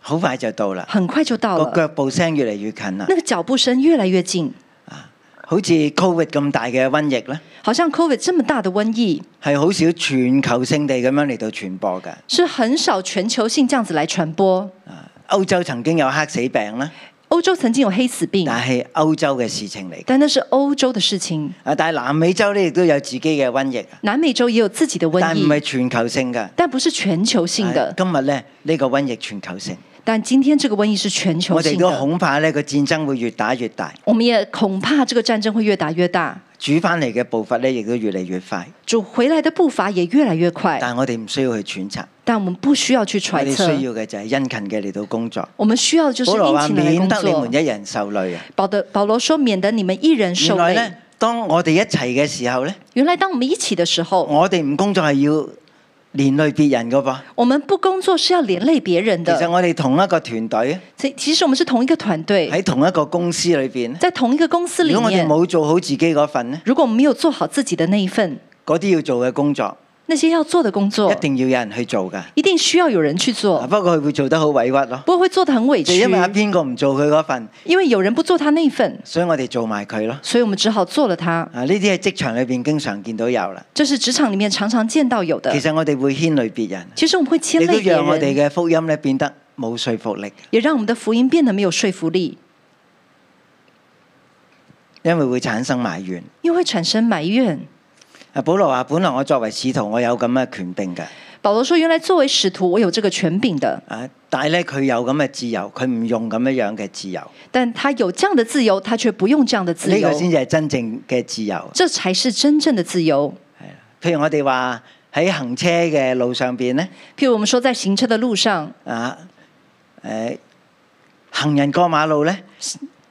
好快就到啦，很快就到啦。個腳步聲越嚟越近啦，那個腳步聲越來越近。啊，好似 Covid 咁大嘅瘟疫咧，好像 Covid 這麼大嘅瘟疫，係好少全球性地咁樣嚟到傳播㗎，是很少全球性這樣子來傳播。啊。歐洲曾經有黑死病啦，歐洲曾經有黑死病，但係歐洲嘅事情，嚟，但係那是歐洲嘅事情。啊，但係南美洲咧亦都有自己嘅瘟疫，南美洲也有自己嘅瘟疫，但唔係全球性噶，嗯，但不是全球性的。哎，今日咧呢，呢個瘟疫全球性，但今天這個瘟疫是全球性。我哋都恐怕呢個戰爭會越打越大，我們也恐怕這個戰爭會越打越大，主翻嚟嘅步伐咧亦都越嚟越快，主回來的步伐也越嚟越快，但我哋唔需要去揣測。但我們不需要去揣測。我哋需要嘅就係殷勤嘅嚟到工作。我們需要就是保羅話免得你們一人受累啊。保德保羅說免得你們一人受累。原來咧，當我哋一齊嘅時候咧。原來當我們一起嘅時候，我哋唔工作係要連累別人嘅噃。我們不工作是要連累別人，們累別人。其實我哋同一個團隊，其實我們是同一個團隊喺同一個公司裏邊，在同一個公司裏面，如果我哋冇做好自己嗰份咧，如果我們沒有做好自己的那一份，嗰啲要做嘅工作。那些要做的工作一定要有人去做㗎，一定需要有人去做。不過佢會做得好委屈咯。不過會做得很委屈，會會委屈就是，因為邊個唔做佢嗰份，因為有人不做他那份，所以我哋做埋佢咯。所以我們只好做了他。啊，呢啲喺職場裏邊經常見到有啦。就是職場裏面常常見到有的。其實我哋會牽累別人，其實我們會牽累別人。讓我哋嘅福音咧變得冇說服力，也讓我們的福音變得沒有說服力，因為會產生埋怨，因為會產生埋怨。保羅話：本來我作為使徒，我有咁嘅權柄嘅。保羅說：原來作為使徒，我有這個權柄的。誒，但係咧，佢有咁嘅自由，佢唔用咁樣樣嘅自由。但他有這樣的自由，他卻不用這樣的自由。呢個先至係真正嘅自由，這才是真正的自由。係，譬如我哋話喺行車嘅路上邊咧，譬如我們說在行車的路上啊，誒，行人過馬路咧。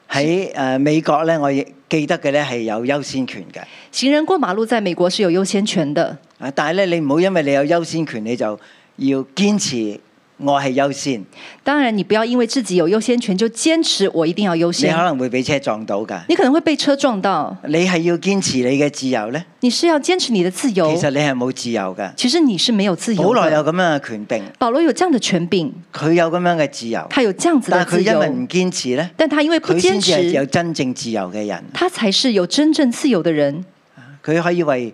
喺、呃、美國咧，我記得嘅咧係有優先權嘅。行人過馬路，在美國是有優先權的。但係咧，你唔好因為你有優先權，你就要堅持。我係優先，當然你不要因為自己有優先權就堅持我一定要優先，你可能會俾車撞到噶你可能會被車撞到，你係要堅持你嘅自由呢？你是要堅持你的自由？其實你係冇自由嘅，其實你是沒有自由。保羅有咁樣嘅權柄，保羅有這樣的權柄，佢有咁樣嘅自由，佢有這樣子，但佢因為唔堅持呢。但他因為不堅持，有真正自由嘅人，他才是有真正自由的人，佢可以為。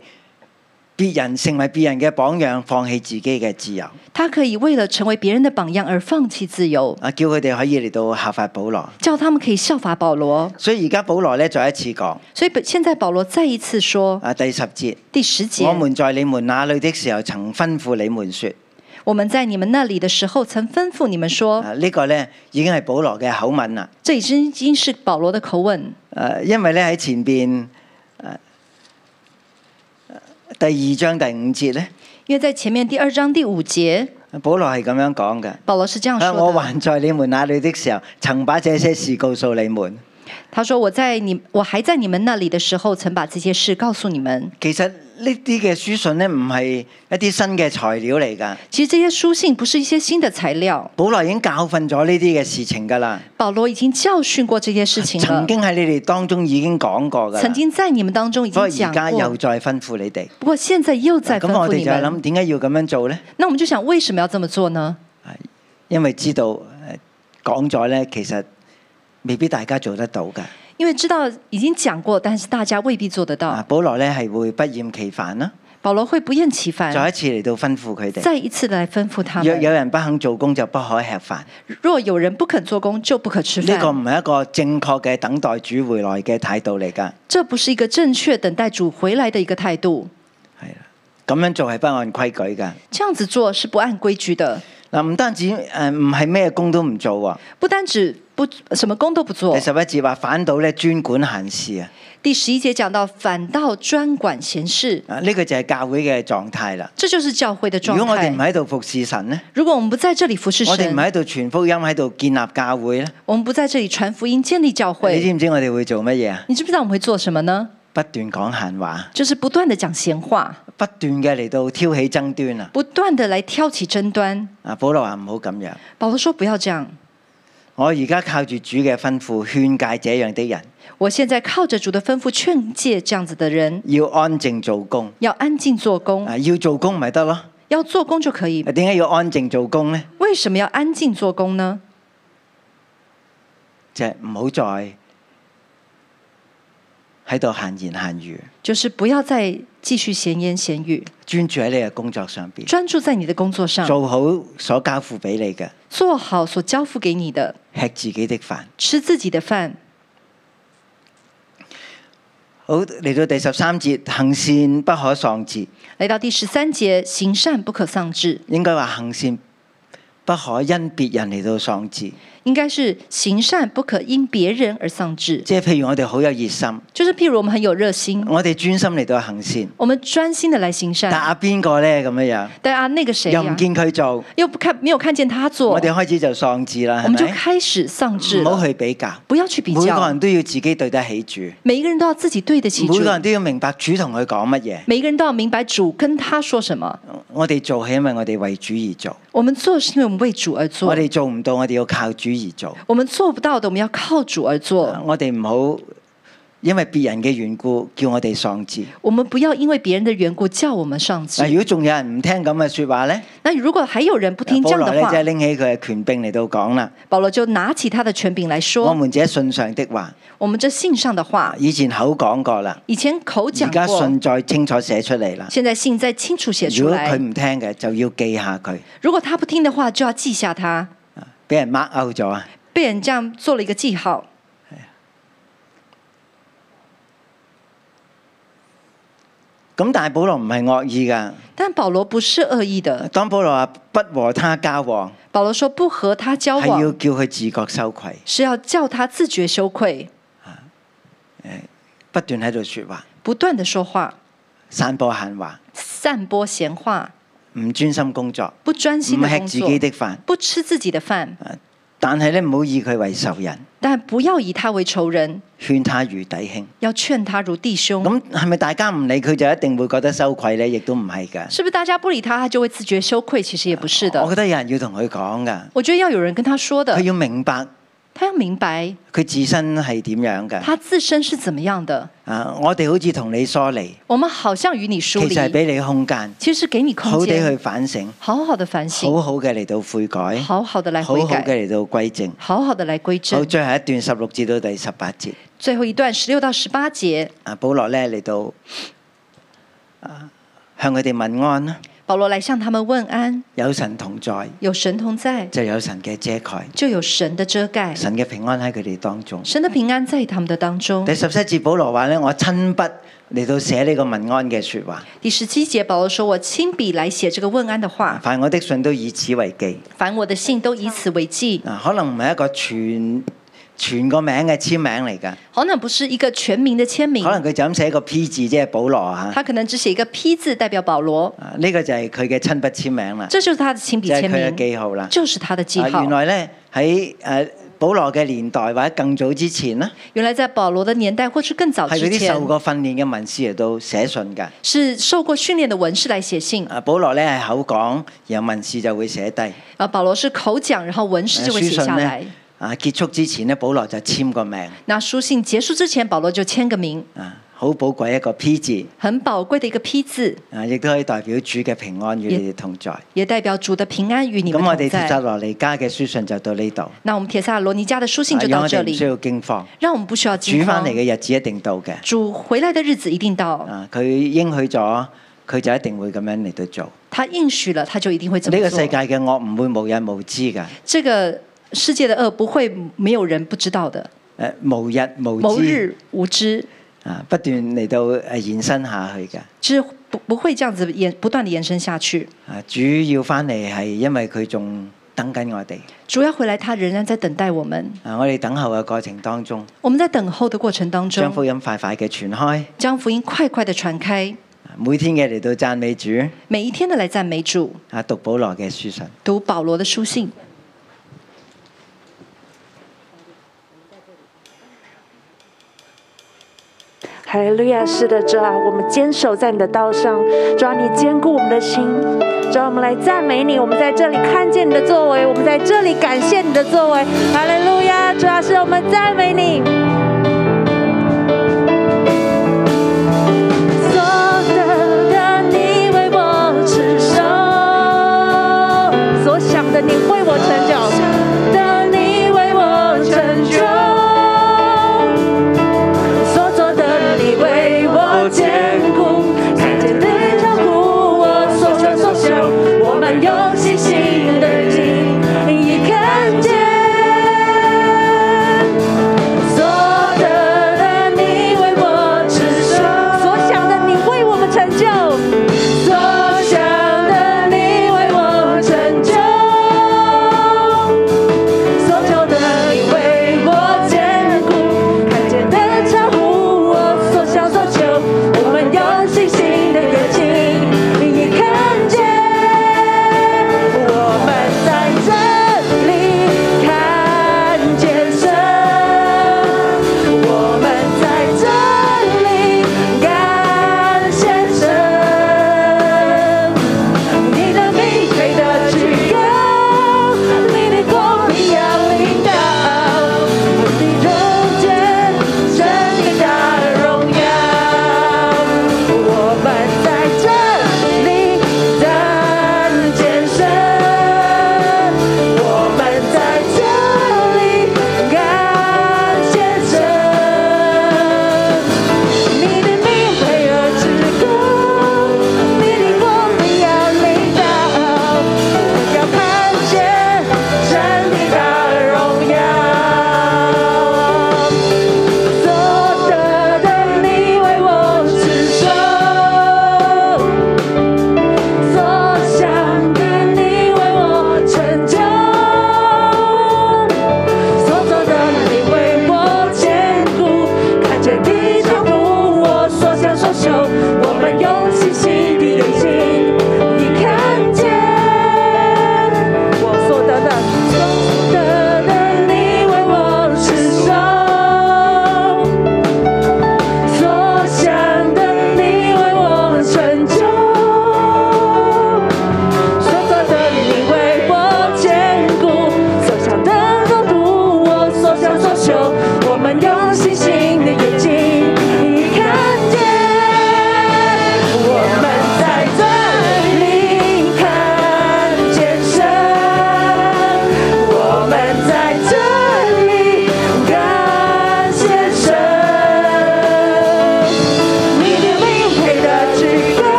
別人成為別人嘅榜樣，放棄自己嘅自由。他可以為了成為別人的榜樣而放棄自由。啊，叫佢哋可以嚟到效法保羅，叫他們可以效法保羅。所以而家保羅咧再一次講，所以現在保羅再一次說啊，第十節，第十節，我們在你們那裏的時候曾吩咐你們說，我們在你們那裏的時候曾吩咐你們說，呢個呢已經係保羅嘅口吻啦。這已經是保羅嘅口吻。誒，因為咧喺前邊。第二章第五節咧，因為在前面第二章第五節，保羅係咁樣講嘅。保羅是這樣說的，保羅是這樣說的：我還在你們那裏的時候，曾把這些事告訴你們。嗯他說：我在你我還在你們那裏的時候，曾把這些事告訴你們。其實呢啲嘅書信呢，唔係一啲新嘅材料嚟噶。其實這些書信不是一些新的材料。保羅已經教訓咗呢啲嘅事情噶啦。保羅已經教訓過這些事情。曾經喺你哋當中已經講過噶。曾經在你們當中已經講過。不過而家又再吩咐你哋。不過現在又再。咁我哋就係諗，點解要咁樣做呢？那我們就想，為什麼要這麼做呢？因為知道講咗咧，其實。未必大家做得到嘅，因為知道已經講過，但是大家未必做得到。啊、保羅咧係會不厭其煩啦、啊，保羅會不厭其煩，再一次嚟到吩咐佢哋，再一次嚟吩咐他。若有人不肯做工，就不可吃飯；若有人不肯做工，就不可吃飯。呢、這個唔係一個正確嘅等待主回來嘅態度嚟噶。這不是一個正確等待主回來嘅一個態度。係啦，咁樣做係不按規矩噶。這樣子做是不按規矩的。嗱、啊，唔單止誒，唔係咩工都唔做啊，不單止。什麼工都不做。第十一節話，反倒咧，專管閒事啊。第十一節講到反倒專管閒事。啊，呢個就係教會嘅狀態啦。這就是教會的狀態。如果我哋唔喺度服侍神呢？如果我們不在這裏服侍神，我哋唔喺度傳福音喺度建立教會咧。我們不在這裏傳福音建立教會。你知唔知我哋會做乜嘢啊？你知唔知道我們會做什麼呢？不斷講閒話，就是不斷的講閒話，不斷嘅嚟到挑起爭端啊。不斷嘅嚟挑起爭端。啊，保羅話唔好咁樣。保羅說不要這樣。我而家靠住主嘅吩咐勸戒這樣的人。我現在靠着主的吩咐勸戒這樣子的人。要安靜做工。要安靜做工。啊，要做工咪得咯。要做工就可以。點解要安靜做工呢？為什麼要安靜做工呢？就係唔好再喺度閒言閒語。就是不要再言言言。繼續閒言閒語，專注喺你嘅工作上邊。專注在你嘅工作上，做好所交付俾你嘅，做好所交付給你嘅。吃自己的飯，吃自己的飯。好，嚟到第十三節，行善不可喪志。嚟到第十三節，行善不可喪志，應該話行善不可因別人嚟到喪志，應該是行善不可因別人而喪志。即係譬如我哋好有熱心，就是譬如我們很有熱心，我哋專心嚟到行善，我們專心的來行善。但阿邊個呢？咁樣樣？但阿呢個誰、啊？又唔見佢做，又不看，沒有看見他做。我哋開始就喪志啦，係咪？我們就開始喪志，唔好去比較，不要去比較。每個人都要自己對得起主，每個人都要自己對得起主。每個人都要明白主同佢講乜嘢，每個人都要明白主跟他說什麼。我哋做係因為我哋為主而做。我們做是因為我們為主而做。我哋做唔到，我哋要靠主而做。我們做不到的，我們要靠主而做。我哋唔好。因為別人嘅緣故，叫我哋喪志。我們不要因為別人的緣故叫我們喪志。如果仲有人唔聽咁嘅說話呢？那如果還有人不聽這樣的話，保羅即係拎起佢嘅權柄嚟到講啦。保羅就拿起他的權柄嚟說。我們這信上的話，我們這信上的話，以前口講過啦，以前口講。而家信再清楚寫出嚟啦。現在信再清楚寫出來。如果佢唔聽嘅，就要記下佢。如果他不聽的話，就要記下他。俾人 mark out 咗啊。俾人這樣做了一個記號。咁但係保羅唔係惡意噶但保羅不是惡意的。當保羅話不和他交往，保羅說不和他交往，係要叫佢自覺羞愧，是要叫他自覺羞愧。不斷喺度說話，不斷嘅說話，散播閒話，散播閒話，唔專心工作，不專心，唔吃自己的飯，不吃自己的飯。但係咧，唔好以佢為仇人。但不要以他為仇人，勸他如弟兄，要勸他如弟兄。咁係咪大家唔理佢就一定會覺得羞愧咧？亦都唔係噶。是不是大家不理他，他就會自覺羞愧？其實也不是的。我，我覺得有人要同佢講噶。我覺得要有人跟他說的。佢要明白。他要明白佢自身係點樣嘅？他自身是怎麼樣的？啊，我哋好似同你疏離，我們好像與你疏離，其實係俾你空間，其實給你空間，好地去反省，好好的反省，好好嘅嚟到悔改，好好的嘅嚟到歸正，好好的嚟歸正。好，最後一段十六節到第十八節，最後一段十六到十八節。啊，保羅咧嚟到，啊，向佢哋問安啦。保羅來向他們問安，有神同在，有神同在，就有神嘅遮蓋，就有神的遮蓋，神嘅平安喺佢哋當中，神的平安在他們的當中。第十七節保羅話咧，我親筆嚟到寫呢個問安嘅說話。第十七節保羅說，我親筆來寫這個問安的話，凡我的信都以此為記，凡我的信都以此為記。嗱，可能唔係一個全。全個名嘅簽名嚟噶，可能不是一個全名嘅簽名。可能佢就咁寫個 P 字，即、就、係、是、保羅吓。他可能只寫一個 P 字，代表保羅。呢、啊這個就係佢嘅親筆簽名啦。這就是佢嘅親筆簽名，即係佢嘅記號啦。就是佢嘅記號。原來咧喺誒保羅嘅年代或者更早之前咧，原來在保羅嘅年代或者更早之前，係嗰啲受過訓練嘅文士嚟到寫信噶。是受過訓練嘅文士嚟寫信。啊，保羅咧係口講，然後文士就會寫低。啊，保羅是口講，然後文士就會寫下來。啊啊！結束之前咧，保羅就簽個名。那書信結束之前，保羅就簽個名。啊，好寶貴一個 P 字，很寶貴的一個 P 字。啊，亦都可以代表主嘅平安與你哋同在，也代表主的平安與你們。咁我哋帖撒羅尼迦嘅書信就到呢度。那我們帖撒羅尼迦嘅書信就到這裏。需要驚慌，讓我們不需要驚慌。主返嚟嘅日子一定到嘅，主回來的日子一定到。啊，佢應許咗，佢就一定會咁樣嚟到做。他應許了，他就一定會做。呢、這個世界嘅惡唔會無人無知噶。這個。世界的惡不會沒有人不知道的。誒，無日無。無日無知。啊，不斷嚟到誒、啊、延伸下去嘅。其實不不會這樣子延不斷地延伸下去。啊，主要返嚟係因為佢仲等緊我哋。主要回來，他仍然在等待我們。啊，我哋等候嘅過程當中。我們在等候嘅過程當中。將福音快快嘅傳開。將福音快快的傳開。啊、每天嘅嚟到讚美主。每一天都嚟讚美主。啊，讀保羅嘅書信。讀保羅的書信。哈利路亞，是的，主啊，我們堅守在你的道上，主啊，你堅固我們的心，主啊，我們來讚美你，我們在這裏看見你的作為，我們在這裏感謝你的作為，哈利路亞，主啊，是我們讚美你。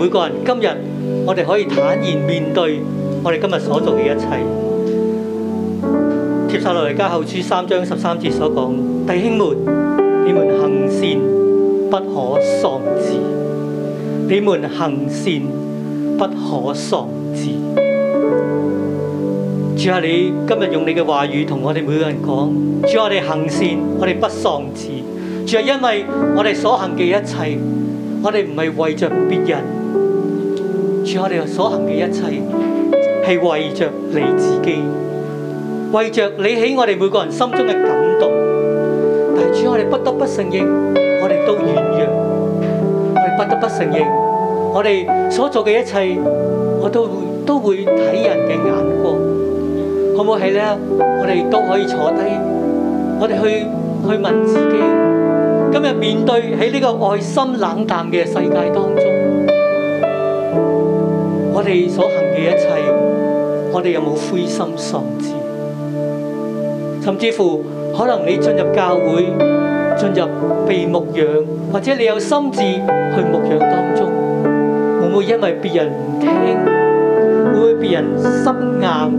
每個人今日，我哋可以坦然面對我哋今日所做嘅一切。帖撒羅尼迦後書三章十三節所講：弟兄們，你們行善不可喪志；你們行善不可喪志。主啊，你今日用你嘅話語同我哋每個人講：主，我哋行善，我哋不喪志。主啊，因為我哋所行嘅一切，我哋唔係為着別人。主，我哋所行嘅一切，係為着你自己，為着你喺我哋每個人心中嘅感動。但係主，我哋不得不承認，我哋都軟弱，我哋不得不承認，我哋所做嘅一切，我都會都會睇人嘅眼光，可唔可以咧？我哋都可以坐低，我哋去去問自己，今日面對喺呢個愛心冷淡嘅世界當中。我哋所行嘅一切，我哋有冇灰心喪志？甚至乎可能你進入教會，進入被牧養，或者你有心志去牧養當中，會唔會因為別人唔聽，會唔會別人心硬？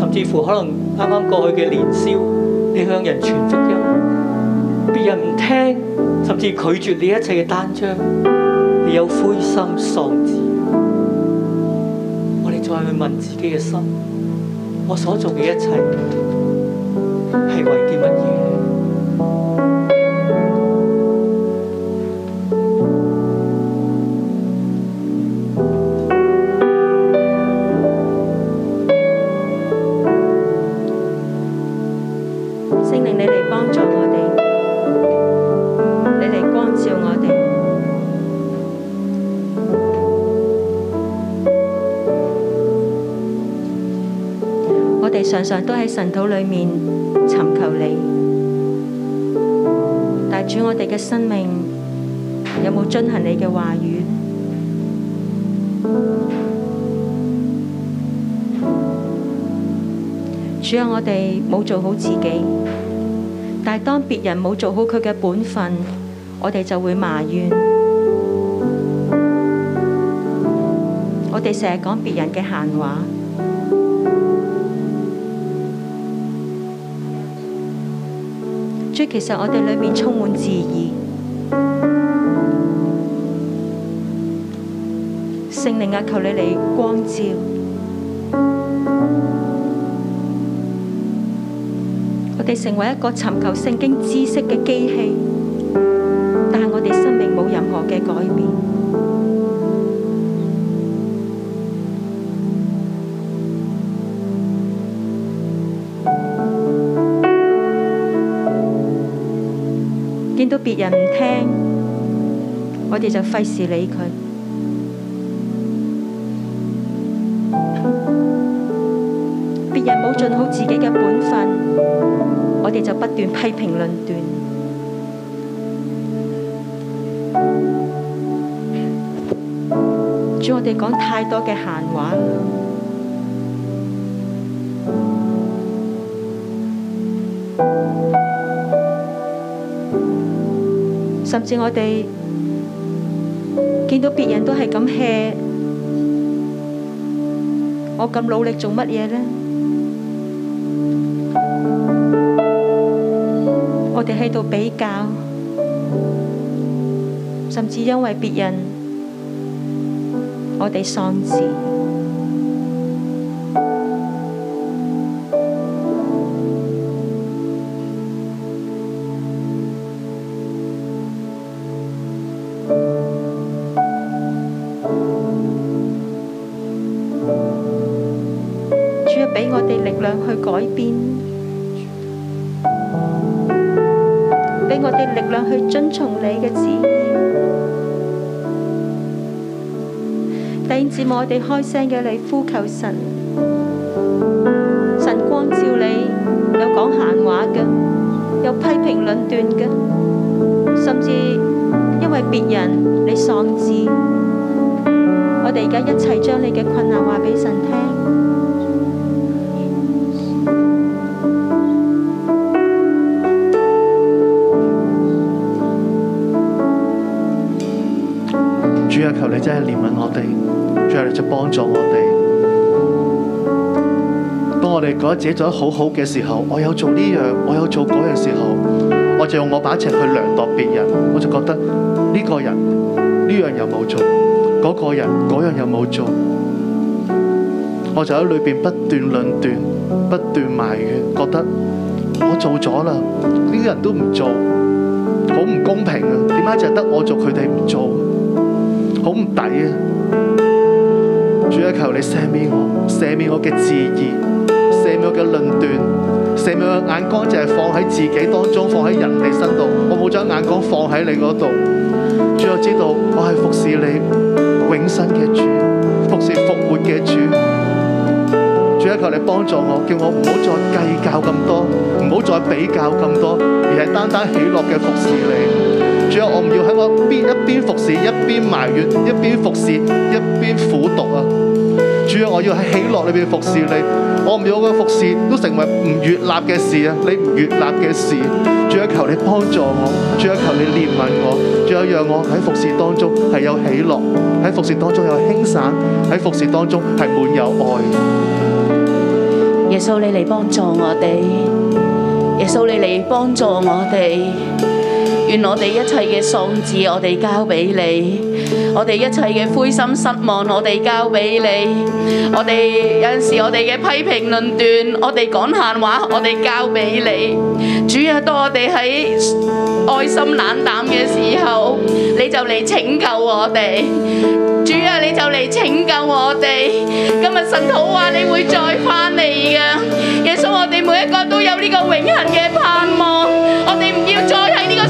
甚至乎可能啱啱過去嘅年宵，你向人傳福音，別人唔聽，甚至拒絕你一切嘅單張，你有灰心喪志？問自己的心，我所做的一切是為咗乜嘢？常常都喺神土裏面尋求你，但主，我哋嘅生命有冇遵行你嘅話語？主要我哋冇做好自己，但係當別人冇做好佢嘅本分，我哋就會埋怨，我哋成日講別人嘅閒話。其實我哋裏面充滿質疑，聖靈啊，求你嚟光照，我哋成為一個尋求聖經知識嘅機器，但我哋生命冇任何嘅改變。別人唔聽，我哋就費事理佢；別人冇盡好自己嘅本分，我哋就不斷批評論斷。主，我哋講太多嘅閒話。甚至我哋見到別人都係咁吃，我咁努力做乜嘢呢？我哋喺度比較，甚至因為別人，我哋喪志。改變，俾我哋力量去遵從你嘅旨意。第二節，我哋開聲嘅你呼求神，神光照你。有講閒話嘅，有批評論斷嘅，甚至因為別人你喪志。我哋而家一齊將你嘅困難話俾神聽。即係憐憫我哋，最後嚟就幫助我哋。當我哋覺得自己做得好好嘅時候，我有做呢樣，我有做嗰樣時候，我就用我把尺去量度別人，我就覺得呢個人呢樣又冇做，嗰個人嗰樣又冇做，我就喺裏邊不斷論斷、不斷埋怨，覺得我做咗啦，呢啲人都唔做，好唔公平啊！點解就係得我做，佢哋唔做？好唔抵啊！主啊，求你赦免我，赦免我嘅自義，赦免我嘅論斷，赦免我眼光淨係放喺自己當中，放喺人哋身度。我冇將眼光放喺你嗰度。主我知道，我係服侍你永生嘅主，服侍復活嘅主。主啊，求你幫助我，叫我唔好再計較咁多，唔好再比較咁多，而係單單喜樂嘅服侍你。主啊，我唔要喺我邊一邊服侍一邊埋怨，一邊服侍一邊苦毒啊！主啊，我要喺喜樂裏邊服侍你，我唔要我嘅服侍都成為唔悅納嘅事啊！你唔悅納嘅事，主啊，求你幫助我，主啊，求你憐憫我，主啊，要讓我喺服侍當中係有喜樂，喺服侍當中有輕省，喺服侍當中係滿有愛。耶穌你嚟幫助我哋，耶穌你嚟幫助我哋。願我哋一切嘅喪志，我哋交俾你；我哋一切嘅灰心失望，我哋交俾你；我哋有陣時我哋嘅批評論斷，我哋講閒話，我哋交俾你。主啊，當我哋喺愛心冷淡嘅時候，你就嚟拯救我哋。主啊，你就嚟拯救我哋。今日神好話，你會再翻嚟嘅。耶穌，我哋每一個都有呢個永恆嘅盼望。我哋。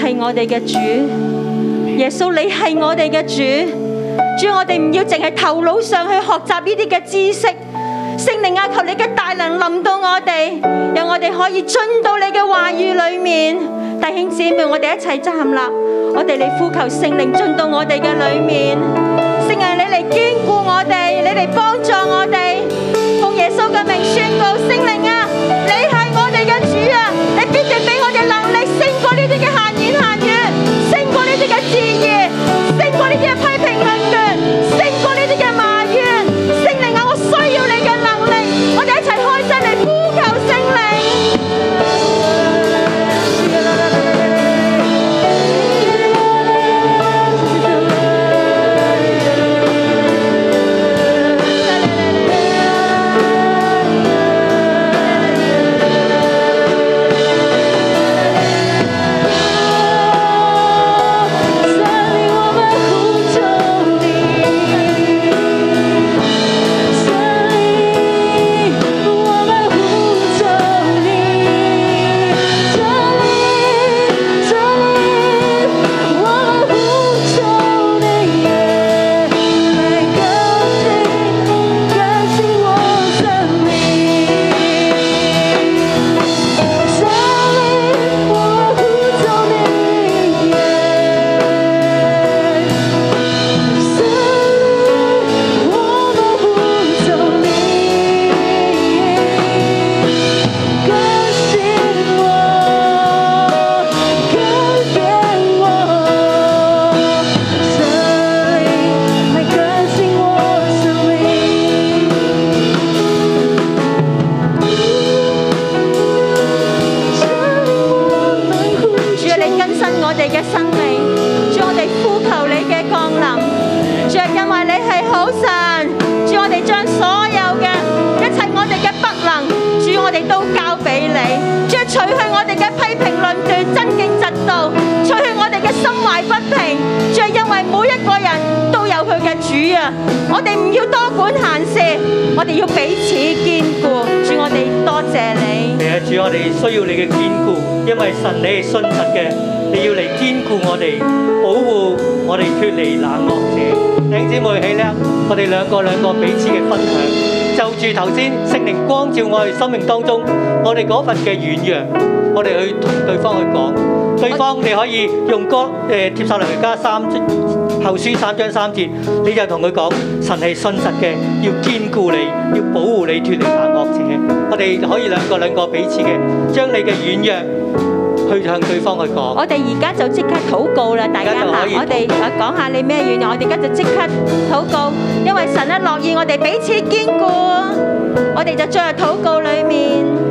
係我哋嘅主耶穌，你係我哋嘅主，主，我哋唔要淨係頭腦上去學習呢啲嘅知識，聖靈啊，求你嘅大能臨到我哋，由我哋可以進到你嘅話語裏面，弟兄姊妹，我哋一齊站立，我哋嚟呼求聖靈進到我哋嘅裏面，聖啊，你嚟眷顧我哋，你嚟幫助我哋，奉耶穌嘅名宣告聖靈啊！除去我哋嘅批評論斷、爭競嫉妒，除去我哋嘅心懷不。主啊，我哋唔要多管閒事，我哋要彼此堅固。主，我哋多謝你。係啊，主，我哋需要你嘅堅固，因為神你係信實嘅，你要嚟堅固我哋，保護我哋脱離冷漠者。弟兄姊妹起呢，我哋兩個兩個彼此嘅分享，就住頭先聖靈光照我哋生命當中，我哋嗰份嘅軟弱，我哋去同對方去講，對方你可以用歌誒貼手嚟加三。後書三章三節，你就同佢講，神係信實嘅，要堅固你，要保護你，脫離那惡者。我哋可以兩個兩個彼此嘅，將你嘅軟弱去向對方去講。我哋而家就即刻禱告啦，大家嚇，我哋講下你咩軟弱，我哋而家就即刻禱告，因為神一樂意我哋彼此堅固，我哋就進入禱告裏面。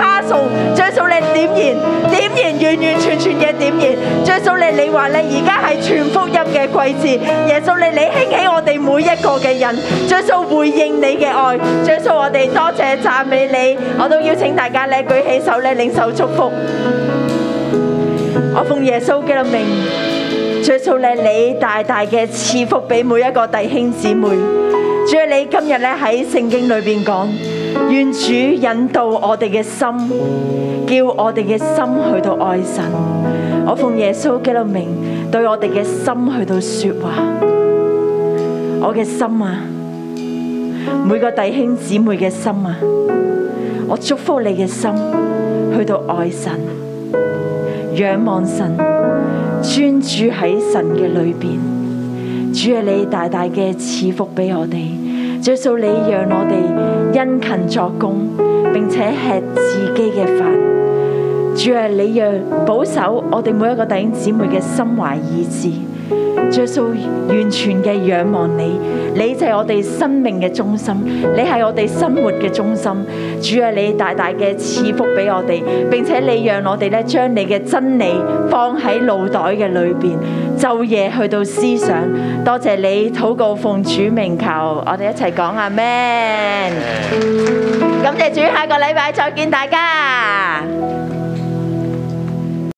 耶穌，耶穌你點燃，點燃完完全全嘅點燃，耶穌你，你話你而家係全福音嘅季節，耶穌你，你興起我哋每一個嘅人，耶穌回應你嘅愛，耶穌我哋多謝讚美你，我都邀請大家咧舉起手咧領受祝福，我奉耶穌嘅名，耶穌你你大大嘅賜福俾每一個弟兄姊妹，主啊你今日咧喺聖經裏邊講。願主引導我哋嘅心，叫我哋嘅心去到愛神。我奉耶穌基督名，對我哋嘅心去到說話。我嘅心啊，每個弟兄姊妹嘅心啊，我祝福你嘅心去到愛神，仰望神，專注喺神嘅裏面。主啊，你大大嘅賜福俾我哋。最後你讓我哋殷勤作工，並且吃自己嘅飯。主啊，你要保守我哋每一個弟兄姊妹嘅心懷意志。主素完全嘅仰望你，你就係我哋生命嘅中心，你係我哋生活嘅中心。主啊，你大大嘅賜福俾我哋，並且你讓我哋咧將你嘅真理放喺腦袋嘅裏邊，晝夜去到思想。多謝你禱告，奉主名求，我哋一齊講阿們。感謝主，下個禮拜再見大家。